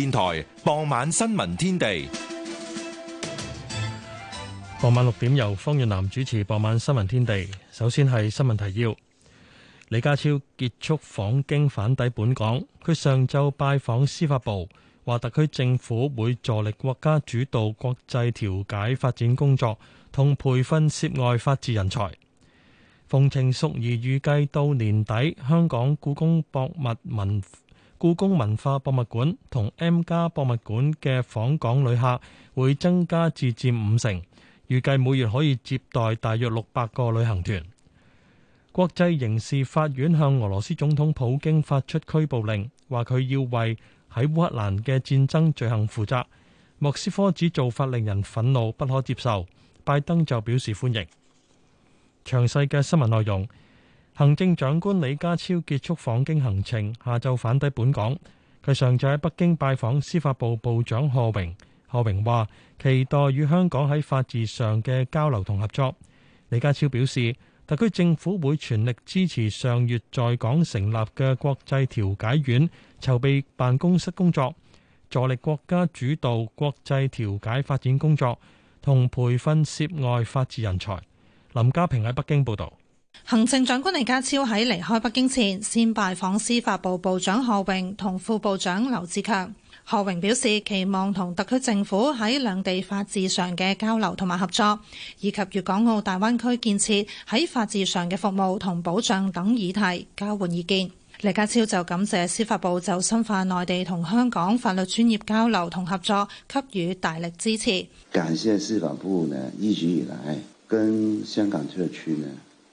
電台傍晚新聞天地，傍晚六點由方潤南主持。傍晚新聞天地，首先係新聞提要。李家超結束訪京返抵本港，佢上晝拜訪司法部，話特區政府會助力國家主導國際調解發展工作，同培訓涉外法治人才。馮程淑儀預計到年底，香港故宮博物文。故宮文化博物館同 M+ 博物館嘅訪港旅客會增加至佔五成，預計每月可以接待大約六百個旅行團。國際刑事法院向俄羅斯總統普京發出拘捕令，話佢要為喺烏克蘭嘅戰爭罪行負責。莫斯科指做法令人憤怒，不可接受。拜登就表示歡迎。詳細嘅新聞內容。行政長官李家超結束訪京行程，下晝返抵本港。佢上晝喺北京拜訪司法部部長賀榮，賀榮話期待與香港喺法治上嘅交流同合作。李家超表示，特區政府會全力支持上月在港成立嘅國際調解院籌備辦公室工作，助力國家主導國際調解發展工作同培訓涉外法治人才。林家平喺北京報導。行政長官李家超喺離開北京前，先拜訪司法部部長何榮同副部長劉志強。何榮表示，期望同特區政府喺兩地法治上嘅交流同埋合作，以及粵港澳大灣區建設喺法治上嘅服務同保障等議題交換意見。李家超就感謝司法部就深化內地同香港法律專業交流同合作給予大力支持。感謝司法部呢，一直以來跟香港特區呢。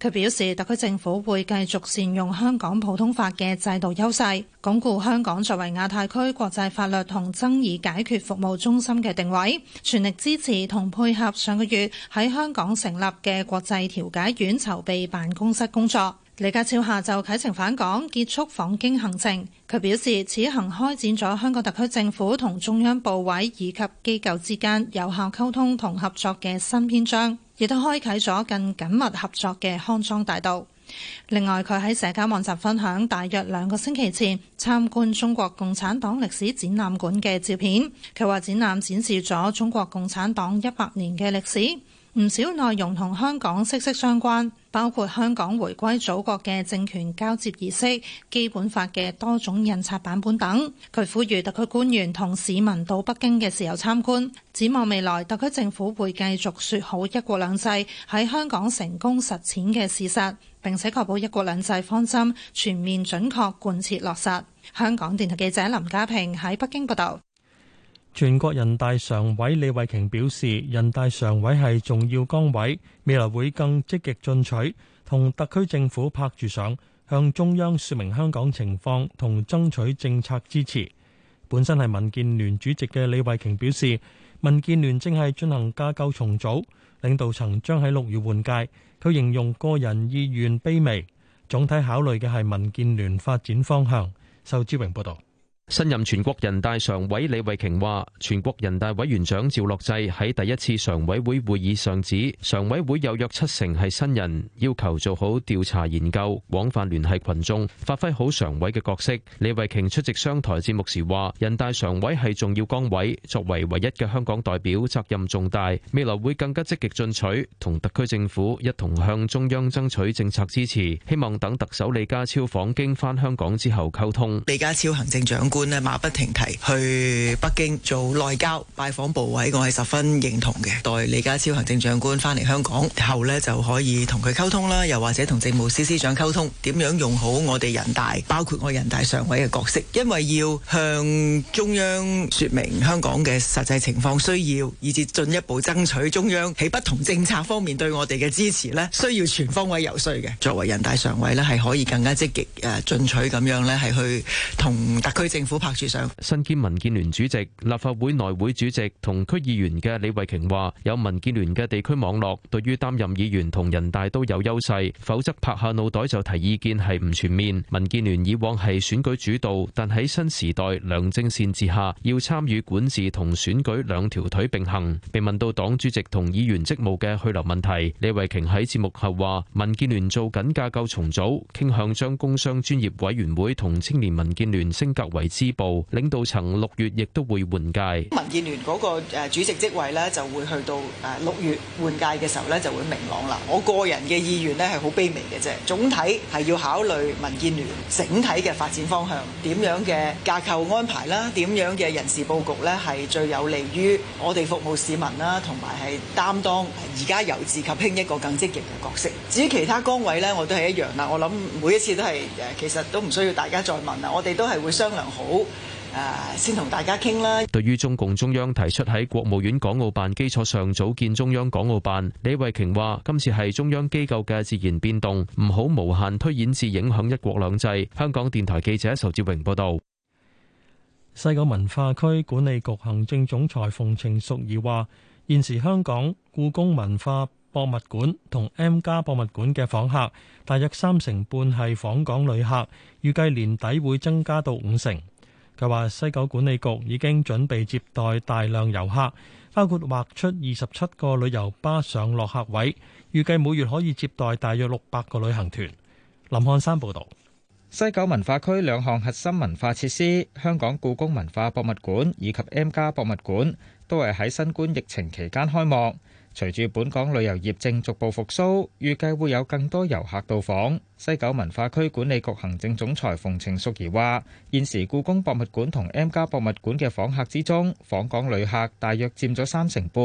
佢表示，特區政府會繼續善用香港普通法嘅制度優勢，鞏固香港作為亞太區國際法律同爭議解決服務中心嘅定位，全力支持同配合上個月喺香港成立嘅國際調解院籌備辦公室工作。李家超下晝啟程返港，結束訪京行程。佢表示，此行開展咗香港特區政府同中央部委以及機構之間有效溝通同合作嘅新篇章。亦都開啟咗更緊密合作嘅康莊大道。另外，佢喺社交網站分享，大約兩個星期前參觀中國共產黨歷史展覽館嘅照片。佢話展覽展示咗中國共產黨一百年嘅歷史，唔少內容同香港息息相關。包括香港回歸祖國嘅政權交接儀式、基本法嘅多種印刷版本等。佢呼籲特區官員同市民到北京嘅時候參觀，展望未來，特區政府會繼續說好一國兩制喺香港成功實踐嘅事實，並且確保一國兩制方針全面準確貫徹落實，香港電台記者林家平喺北京報道。全國人大常委李慧瓊表示，人大常委係重要崗位，未來會更積極進取，同特區政府拍住上，向中央說明香港情況，同爭取政策支持。本身係民建聯主席嘅李慧瓊表示，民建聯正係進行架構重組，領導層將喺六月換屆。佢形容個人意願卑微，總體考慮嘅係民建聯發展方向。仇志榮報道。新任全國人大常委李慧瓊話，全國人大委員長趙樂際喺第一次常委會會議上指，常委會有約七成係新人，要求做好調查研究，廣泛聯繫群眾，發揮好常委嘅角色。李慧瓊出席商台節目時話，人大常委係重要崗位，作為唯一嘅香港代表，責任重大，未來會更加積極進取，同特區政府一同向中央爭取政策支持，希望等特首李家超訪京翻香港之後溝通。李家超行政長官官咧，馬不停蹄去北京做內交拜訪部委，我係十分認同嘅。待李家超行政長官翻嚟香港後咧，就可以同佢溝通啦，又或者同政務司司長溝通，點樣用好我哋人大，包括我人大常委嘅角色，因為要向中央說明香港嘅實際情況需要，以至進一步爭取中央喺不同政策方面對我哋嘅支持咧，需要全方位游說嘅。作為人大常委咧，係可以更加積極誒進取咁樣咧，係去同特區政政府拍住上，身兼民建聯主席、立法會內會主席同區議員嘅李慧瓊話：有民建聯嘅地區網絡，對於擔任議員同人大都有優勢。否則拍下腦袋就提意見係唔全面。民建聯以往係選舉主導，但喺新時代良政善治下，要參與管治同選舉兩條腿並行。被問到黨主席同議員職務嘅去留問題，李慧瓊喺節目後話：民建聯做緊架構重組，傾向將工商專業委員會同青年民建聯升格為。支部領導層六月亦都會換屆，民建聯嗰個誒主席職位咧就會去到誒六月換屆嘅時候咧就會明朗啦。我個人嘅意願咧係好卑微嘅啫，總體係要考慮民建聯整體嘅發展方向，點樣嘅架構安排啦，點樣嘅人事佈局咧係最有利於我哋服務市民啦，同埋係擔當而家由治及興一個更積極嘅角色。至於其他崗位咧，我都係一樣啦。我諗每一次都係誒，其實都唔需要大家再問啦，我哋都係會商量好。好，誒，先同大家傾啦。對於中共中央提出喺國務院港澳辦基礎上組建中央港澳辦，李慧瓊話：今次係中央機構嘅自然變動，唔好無限推演至影響一國兩制。香港電台記者仇志榮報導。西九文化區管理局行政總裁馮程淑儀話：現時香港故宮文化博物館同 M 加博物館嘅訪客大約三成半係訪港旅客，預計年底會增加到五成。佢話：西九管理局已經準備接待大量遊客，包括劃出二十七個旅遊巴上落客位，預計每月可以接待大約六百個旅行團。林漢山報導。西九文化區兩項核心文化設施——香港故宮文化博物館以及 M+ 博物館，都係喺新冠疫情期間開幕。隨住本港旅遊業正逐步復甦，預計會有更多遊客到訪。西九文化區管理局行政總裁馮程淑儀話：現時故宮博物館同 M+ 博物館嘅訪客之中，訪港旅客大約佔咗三成半，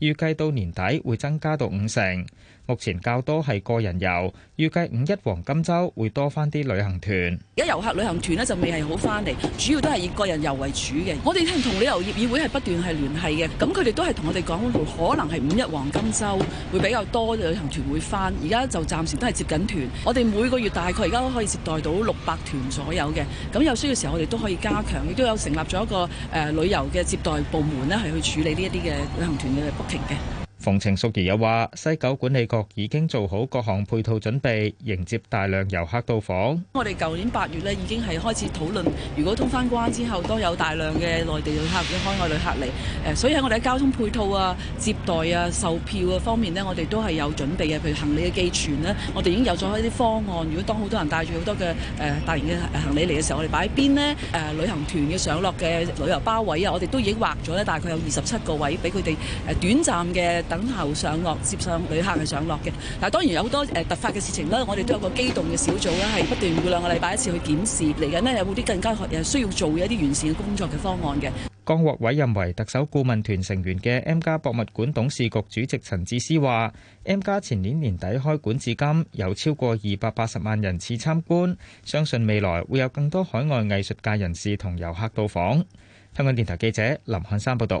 預計到年底會增加到五成。目前較多係個人遊，預計五一黃金周會多翻啲旅行團。而家遊客旅行團呢，就未係好翻嚟，主要都係以個人遊為主嘅。我哋聽同旅遊業議會係不斷係聯繫嘅，咁佢哋都係同我哋講可能係五一黃金周會比較多旅行團會翻。而家就暫時都係接緊團，我哋每個月大概而家都可以接待到六百團左右嘅。咁有需要時候我哋都可以加強，亦都有成立咗一個誒旅遊嘅接待部門呢係去處理呢一啲嘅旅行團嘅 booking 嘅。馮程淑儀又話：西九管理局已經做好各項配套準備，迎接大量遊客到訪。我哋舊年八月咧，已經係開始討論，如果通翻關之後，都有大量嘅內地旅客、嘅海外旅客嚟。誒，所以喺我哋喺交通配套啊、接待啊、售票嘅方面呢，我哋都係有準備嘅。譬如行李嘅寄存呢，我哋已經有咗一啲方案。如果當好多人帶住好多嘅誒大型嘅行李嚟嘅時候，我哋擺邊咧，誒、呃，旅行團嘅上落嘅旅遊巴位啊，我哋都已經劃咗咧，大概有二十七個位俾佢哋誒短暫嘅。等候上落，接上旅客嘅上落嘅。嗱，當然有好多誒突發嘅事情啦，我哋都有個機動嘅小組啦，係不斷每兩個禮拜一次去檢視。嚟緊咧，有冇啲更加需要做一啲完善嘅工作嘅方案嘅。剛獲委任為特首顧問團成員嘅 M+ 博物館董事局主席陳智思話，M+ 前年年底開館至今，有超過二百八十萬人次參觀，相信未來會有更多海外藝術界人士同遊客到訪。香港電台記者林漢山報道。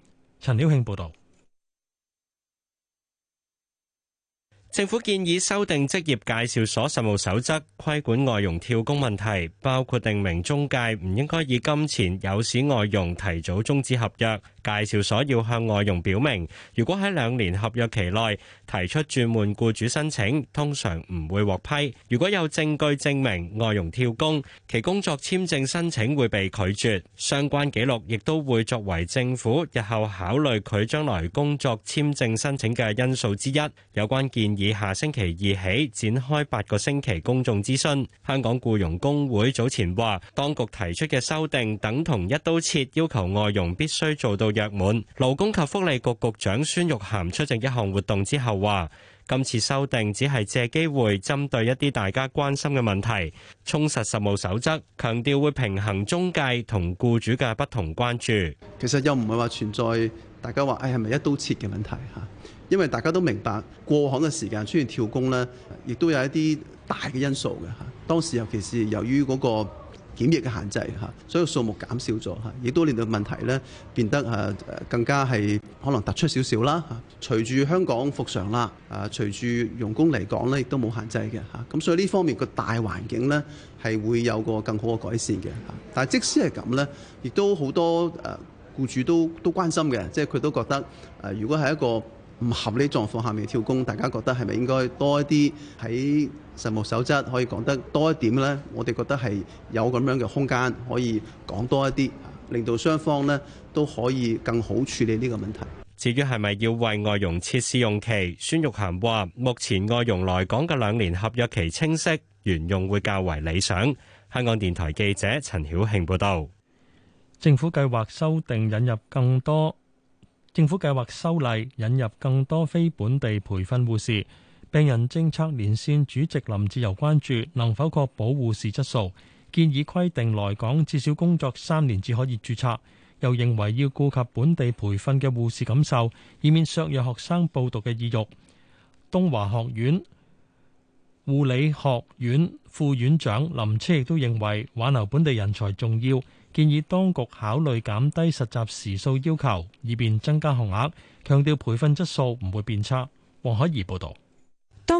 陳廖慶報道。政府建議修訂職業介紹所實務守則，規管外傭跳工問題，包括定明中介唔應該以金錢誘使外傭提早終止合約。介紹所要向外傭表明，如果喺兩年合約期內提出轉換雇主申請，通常唔會獲批。如果有證據證明外傭跳工，其工作簽證申請會被拒絕，相關記錄亦都會作為政府日後考慮佢將來工作簽證申請嘅因素之一。有關建議，以下星期二起，展開八個星期公眾諮詢。香港僱傭工會早前話，當局提出嘅修訂等同一刀切，要求外傭必須做到約滿。勞工及福利局局長孫玉菡出席一項活動之後話。今次修訂只係借機會針對一啲大家關心嘅問題，充實實務守則，強調會平衡中介同僱主嘅不同關注。其實又唔係話存在大家話，唉係咪一刀切嘅問題嚇？因為大家都明白過往嘅時間出現跳工咧，亦都有一啲大嘅因素嘅嚇。當時尤其是由於嗰個。檢疫嘅限制嚇，所以數目減少咗嚇，亦都令到問題咧變得嚇更加係可能突出少少啦。隨住香港復常啦，啊隨住用工嚟講咧，亦都冇限制嘅嚇。咁所以呢方面個大環境咧係會有個更好嘅改善嘅嚇。但係即使係咁咧，亦都好多誒僱主都都關心嘅，即係佢都覺得誒如果係一個。唔合理狀況下面跳工，大家覺得係咪應該多一啲喺實務守則可以講得多一點呢？我哋覺得係有咁樣嘅空間可以講多一啲，令到雙方咧都可以更好處理呢個問題。至於係咪要為外傭設試用期？孫玉涵話：目前外傭來港嘅兩年合約期清晰，原用會較為理想。香港電台記者陳曉慶報導。政府計劃修訂，引入更多。政府計劃修例引入更多非本地培訓護士，病人政策連線主席林志由關注能否確保護士質素，建議規定來港至少工作三年至可以註冊，又認為要顧及本地培訓嘅護士感受，以免削弱學生報讀嘅意欲。東華學院護理學院副院長林車亦都認為挽留本地人才重要。建議當局考慮減低實習時數要求，以便增加學額。強調培訓質素唔會變差。黃海怡報導。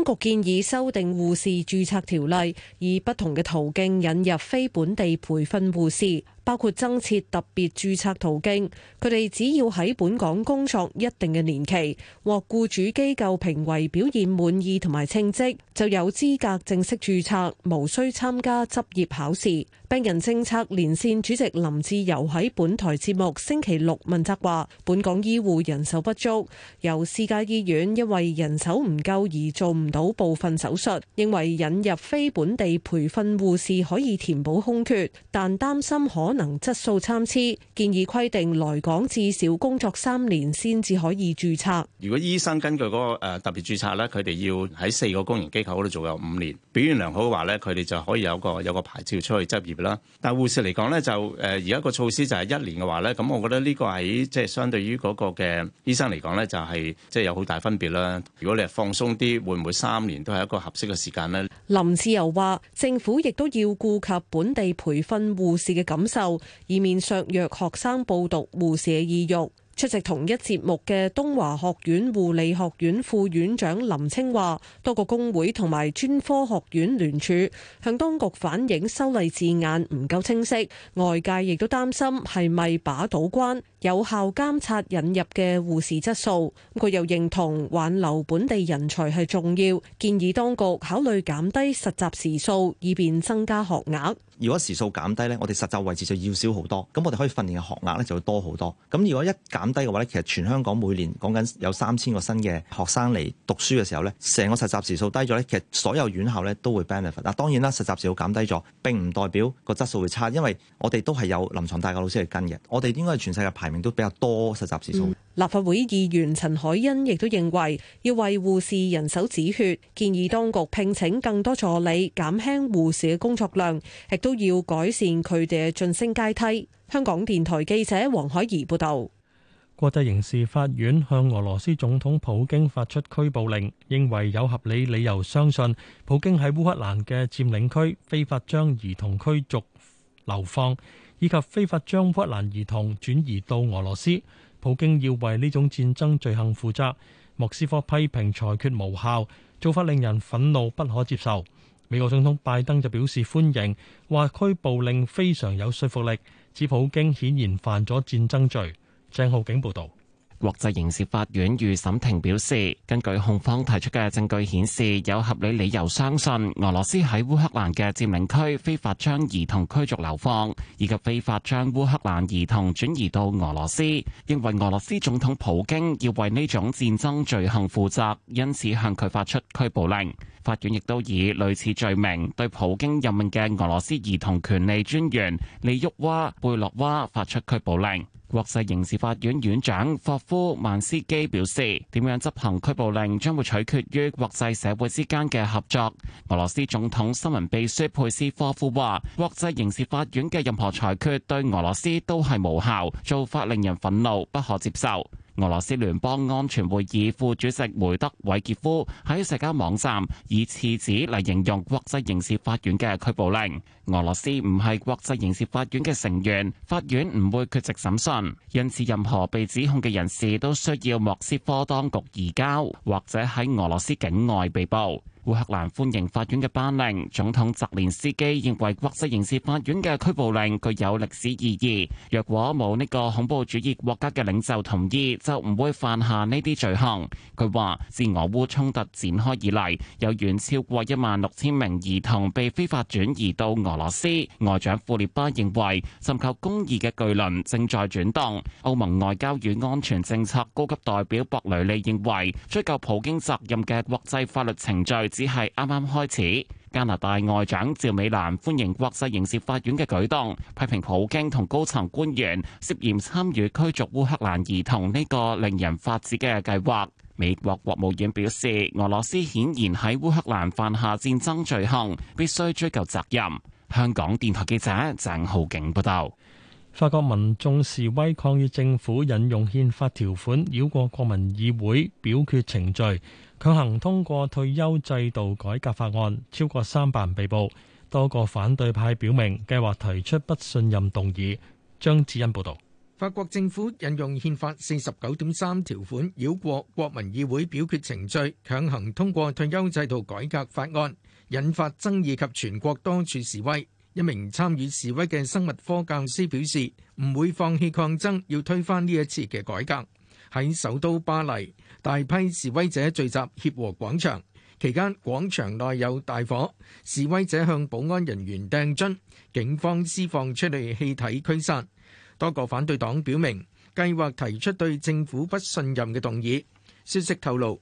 局建議修訂護士註冊條例，以不同嘅途徑引入非本地培訓護士，包括增設特別註冊途徑。佢哋只要喺本港工作一定嘅年期，或僱主機構評為表現滿意同埋稱職，就有資格正式註冊，無需參加執業考試。病人政策連線主席林志由喺本台節目星期六問責話，本港醫護人手不足，由私家醫院因為人手唔夠而做唔到部分手術，認為引入非本地培訓護士可以填補空缺，但擔心可能質素參差，建議規定來港至少工作三年先至可以註冊。如果醫生根據嗰個誒特別註冊咧，佢哋要喺四個公營機構嗰度做有五年，表現良好嘅話咧，佢哋就可以有個有個牌照出去執業啦。但係護士嚟講咧，就誒而家個措施就係一年嘅話咧，咁我覺得呢個喺即係相對於嗰個嘅醫生嚟講咧，就係即係有好大分別啦。如果你係放鬆啲，會唔會？三年都係一個合適嘅時間呢。林志柔話：政府亦都要顧及本地培訓護士嘅感受，以免削弱學生報讀護士嘅意欲。出席同一節目嘅東華學院護理學院副院長林清話：多個工會同埋專科學院聯署向當局反映修例字眼唔夠清晰，外界亦都擔心係咪把到關。有效監察引入嘅護士質素，佢又認同挽留本地人才係重要，建議當局考慮減低實習時數，以便增加學額。如果時數減低呢，我哋實習位置就要少好多，咁我哋可以訓練嘅學額呢就會多好多。咁如果一減低嘅話呢，其實全香港每年講緊有三千個新嘅學生嚟讀書嘅時候呢，成個實習時數低咗呢，其實所有院校呢都會 benefit。嗱，當然啦，實習時數減低咗並唔代表個質素會差，因為我哋都係有臨床大學老師去跟嘅，我哋應該係全世界排。都比較多實習時數。立法會議員陳海欣亦都認為要為護士人手止血，建議當局聘請更多助理，減輕護士嘅工作量，亦都要改善佢哋嘅晉升階梯。香港電台記者黃海怡報道。國際刑事法院向俄羅斯總統普京發出拘捕令，認為有合理理由相信普京喺烏克蘭嘅佔領區非法將兒童驅逐流放。以及非法將烏克蘭兒童轉移到俄羅斯，普京要為呢種戰爭罪行負責。莫斯科批評裁，裁決無效，做法令人憤怒不可接受。美國總統拜登就表示歡迎，話拘捕令非常有說服力，指普京顯然犯咗戰爭罪。鄭浩景報導。國際刑事法院預審庭表示，根據控方提出嘅證據顯示，有合理理由相信俄羅斯喺烏克蘭嘅佔領區非法將兒童驅逐流放，以及非法將烏克蘭兒童轉移到俄羅斯，認為俄羅斯總統普京要為呢種戰爭罪行負責，因此向佢發出拘捕令。法院亦都以類似罪名對普京任命嘅俄羅斯兒童權利專員利沃娃-貝洛娃發出拘捕令。國際刑事法院院長霍夫曼斯基表示：點樣執行拘捕令將會取決於國際社會之間嘅合作。俄羅斯總統新聞秘書佩斯科夫話：國際刑事法院嘅任何裁決對俄羅斯都係無效，做法令人憤怒，不可接受。俄羅斯聯邦安全會議副主席梅德韋傑夫喺社交網站以廁紙嚟形容國際刑事法院嘅拘捕令。俄羅斯唔係國際刑事法院嘅成員，法院唔會缺席審訊，因此任何被指控嘅人士都需要莫斯科當局移交，或者喺俄羅斯境外被捕。烏克蘭歡迎法院嘅頒令，總統澤連斯基認為國際刑事法院嘅拘捕令具有歷史意義。若果冇呢個恐怖主義國家嘅領袖同意，就唔會犯下呢啲罪行。佢話，自俄烏衝突展開以嚟，有遠超過一萬六千名兒童被非法轉移到俄羅斯。外長庫列巴認為，尋求公義嘅巨輪正在轉動。歐盟外交與安全政策高級代表博雷利認為，追究普京責任嘅國際法律程序，只係啱啱開始。加拿大外長趙美蘭歡迎國際刑事法院嘅舉動，批評普京同高層官員涉嫌參與驅逐烏克蘭兒童呢個令人髮指嘅計劃。美國國務院表示，俄羅斯顯然喺烏克蘭犯下戰爭罪行，必須追究責任。香港電台記者鄭浩景報道。法國民眾示威抗議政府引用憲法條款繞過國民議會表決程序，強行通過退休制度改革法案，超過三百人被捕。多個反對派表明計劃提出不信任動議。張子欣報導，法國政府引用憲法四十九點三條款繞過國民議會表決程序，強行通過退休制度改革法案，引發爭議及全國多處示威。一名參與示威嘅生物科教師表示：唔會放棄抗爭，要推翻呢一次嘅改革。喺首都巴黎，大批示威者聚集協和廣場，期間廣場內有大火，示威者向保安人員掟樽，警方施放催淚氣體驅散。多個反對黨表明計劃提出對政府不信任嘅動議。消息透露，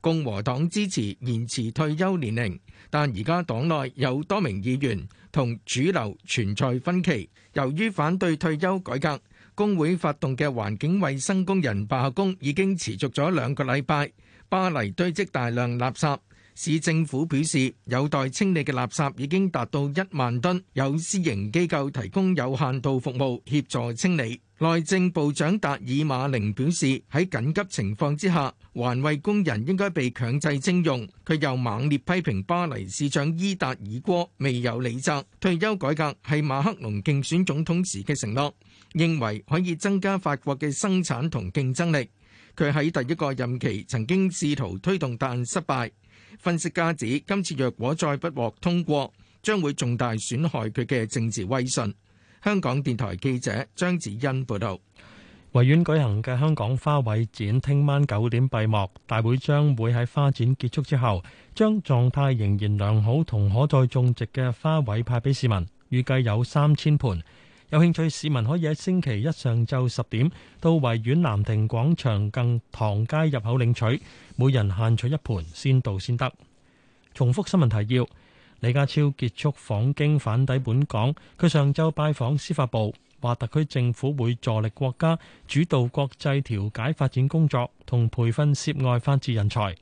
共和黨支持延遲退休年齡，但而家黨內有多名議員同主流存在分歧。由於反對退休改革，工會發動嘅環境衛生工人罷工已經持續咗兩個禮拜。巴黎堆積大量垃圾，市政府表示有待清理嘅垃圾已經達到一萬噸，有私營機構提供有限度服務協助清理。內政部長達爾馬寧表示，喺緊急情況之下，環衞工人應該被強制徵用。佢又猛烈批評巴黎市長伊達爾戈未有履責。退休改革係馬克龍競選總統時嘅承諾，認為可以增加法國嘅生產同競爭力。佢喺第一個任期曾經試圖推動，但失敗。分析家指，今次若果再不獲通過，將會重大損害佢嘅政治威信。香港電台記者張子欣報道，維園舉行嘅香港花卉展聽晚九點閉幕，大會將會喺花展結束之後，將狀態仍然良好同可再種植嘅花卉派俾市民，預計有三千盆。有興趣市民可以喺星期一上晝十點到維園南亭廣場近糖街入口領取，每人限取一盆，先到先得。重複新聞提要。李家超結束訪京返抵本港，佢上晝拜訪司法部，話特區政府會助力國家主導國際調解發展工作，同培訓涉外法治人才。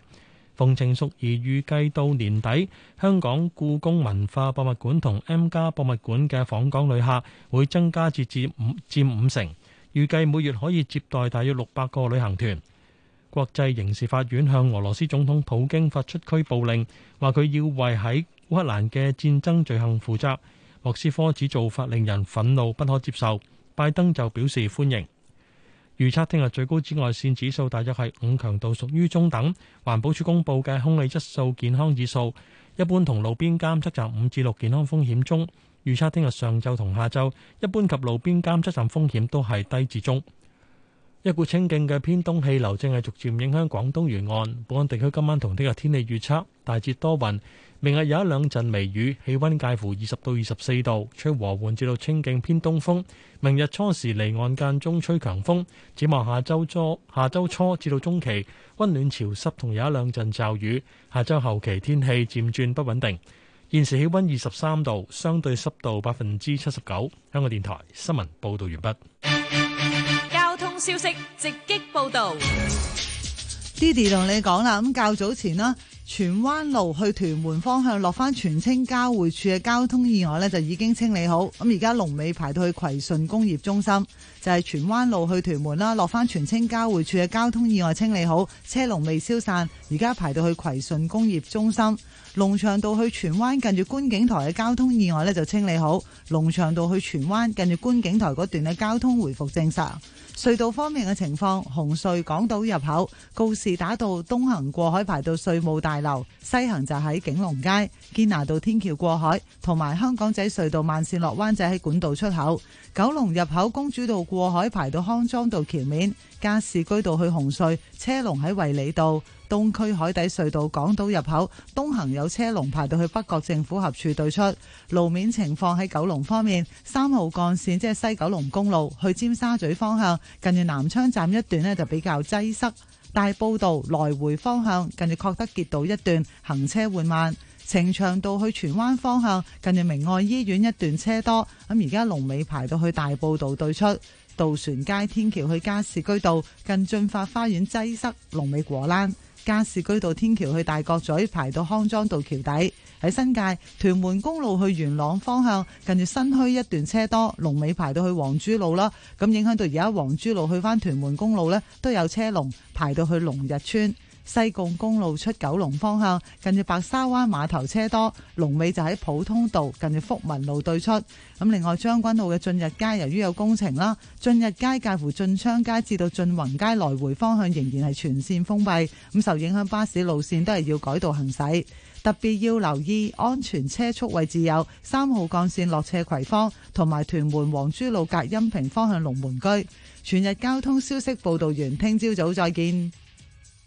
馮程淑儀預計到年底，香港故宮文化博物館同 M+ 博物館嘅訪港旅客會增加，至至五占五成，預計每月可以接待大約六百個旅行團。國際刑事法院向俄羅斯總統普京發出拘捕令，話佢要為喺烏克蘭嘅戰爭罪行負責，莫斯科指做法令人憤怒，不可接受。拜登就表示歡迎。預測聽日最高紫外線指數大約係五強度，屬於中等。環保署公佈嘅空氣質素健康指數，一般同路邊監測站五至六，健康風險中。預測聽日上晝同下晝一般及路邊監測站風險都係低至中。一股清勁嘅偏東氣流正係逐漸影響廣東沿岸。本港地區今晚同聽日天氣預測大致多雲。明日有一兩陣微雨，氣溫介乎二十到二十四度，吹和緩至到清勁偏東風。明日初時離岸間中吹強風，展望下周初，下周初至到中期溫暖潮濕同有一兩陣驟雨。下周後期天氣漸轉不穩定。現時氣溫二十三度，相對濕度百分之七十九。香港電台新聞報道完畢。交通消息，直擊報道，弟弟同你講啦，咁較早前啦。荃灣路去屯門方向落返荃青交匯處嘅交通意外咧，就已經清理好。咁而家龍尾排到去葵順工業中心。就係荃灣路去屯門啦，落返荃青交匯處嘅交通意外清理好，車龍未消散，而家排到去葵順工業中心。龍翔道去荃灣近住觀景台嘅交通意外呢就清理好，龍翔道去荃灣近住觀景台嗰段咧交通回復正常。隧道方面嘅情況，紅隧港島入口告士打道東行過海排到稅務大樓，西行就喺景隆街堅拿道天橋過海，同埋香港仔隧道慢線落灣仔喺管道出口，九龍入口公主道。過海排到康莊道橋面，加士居道去紅隧車龍喺維里道，東區海底隧道港島入口東行有車龍排到去北角政府合署對出。路面情況喺九龍方面，三號幹線即係西九龍公路去尖沙咀方向，近住南昌站一段呢就比較擠塞。大埔道來回方向近住郝德傑道一段行車緩慢。呈祥道去荃灣方向近住明愛醫院一段車多，咁而家龍尾排到去大埔道對出。渡船街天橋去加士居道，近駿發花園擠塞龍尾果欄；加士居道天橋去大角咀排到康莊道橋底。喺新界屯門公路去元朗方向，近住新墟一段車多，龍尾排到去黃珠路啦。咁影響到而家黃珠路去返屯門公路呢，都有車龍排到去龍日村。西貢公路出九龍方向，近住白沙灣碼頭車多；龍尾就喺普通道近住福民路對出。咁另外將軍澳嘅駿日街，由於有工程啦，駿日街介乎駿昌街至到駿雲街來回方向仍然係全線封閉。咁受影響巴士路線都係要改道行駛。特別要留意安全車速位置有三號幹線落斜葵芳，同埋屯門黃珠路隔音屏方向龍門居。全日交通消息報道完，聽朝早再見。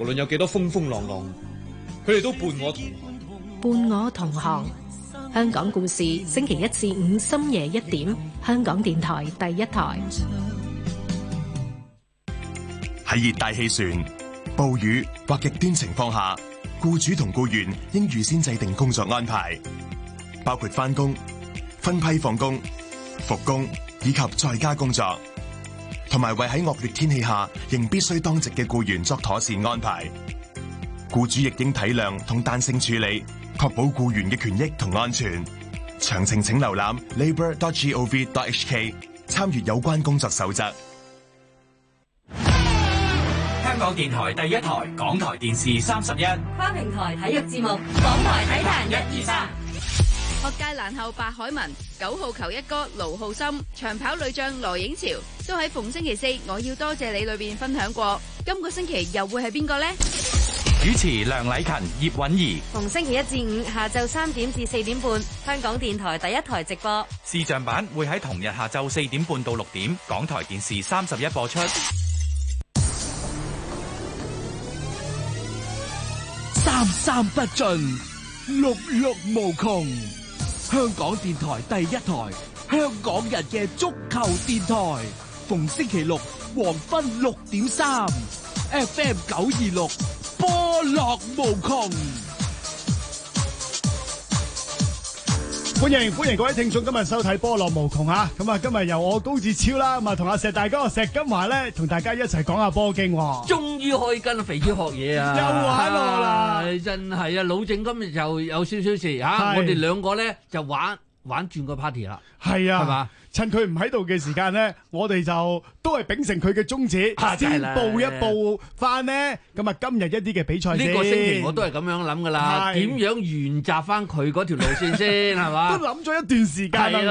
無論有幾多風風浪浪，佢哋都伴我同行。伴我同行，香港故事，星期一至五深夜一點，香港電台第一台。喺熱帶氣旋、暴雨或極端情況下，僱主同僱員應預先制定工作安排，包括返工、分批放工、復工以及在家工作。同埋為喺惡劣天氣下仍必須當值嘅僱員作妥善安排，僱主亦應體諒同彈性處理，確保僱員嘅權益同安全。詳情請瀏覽 labour.gov.hk 參與有關工作守則。香港電台第一台，港台電視三十一，跨平台體育節目，港台體壇一二三。1, 2, 樂界難後白海文，九號球一哥盧浩森，長跑女將羅影潮，都喺逢星期四《我要多謝你》裏邊分享過。今個星期又會係邊個咧？主持梁麗琴、葉韻儀，逢星期一至五下晝三點至四點半，香港電台第一台直播。視像版會喺同日下晝四點半到六點，港台電視三十一播出。三三不盡，六六無窮。香港電台第一台，香港人嘅足球電台，逢星期六黃昏六點三，FM 九二六，波樂無窮。歡迎歡迎各位聽眾，今日收睇波浪無窮吓，咁啊今日由我高志超啦，咁啊同阿石大哥、石金華咧，同大家一齊講下波經。終於可以跟肥豬學嘢 了啊！又玩啦，真係啊！老正今日就有少少事吓是、啊，我哋兩個咧就玩。玩轉個 party 啦，係啊，係嘛吧，趁佢唔喺度嘅時間咧，我哋就都係秉承佢嘅宗旨，啊、先步一步翻，咧，咁啊今日一啲嘅比賽，呢個星期我都係咁樣諗噶啦，點是樣沿襲翻佢條路線先，係嘛 吧，都諗咗一段時間。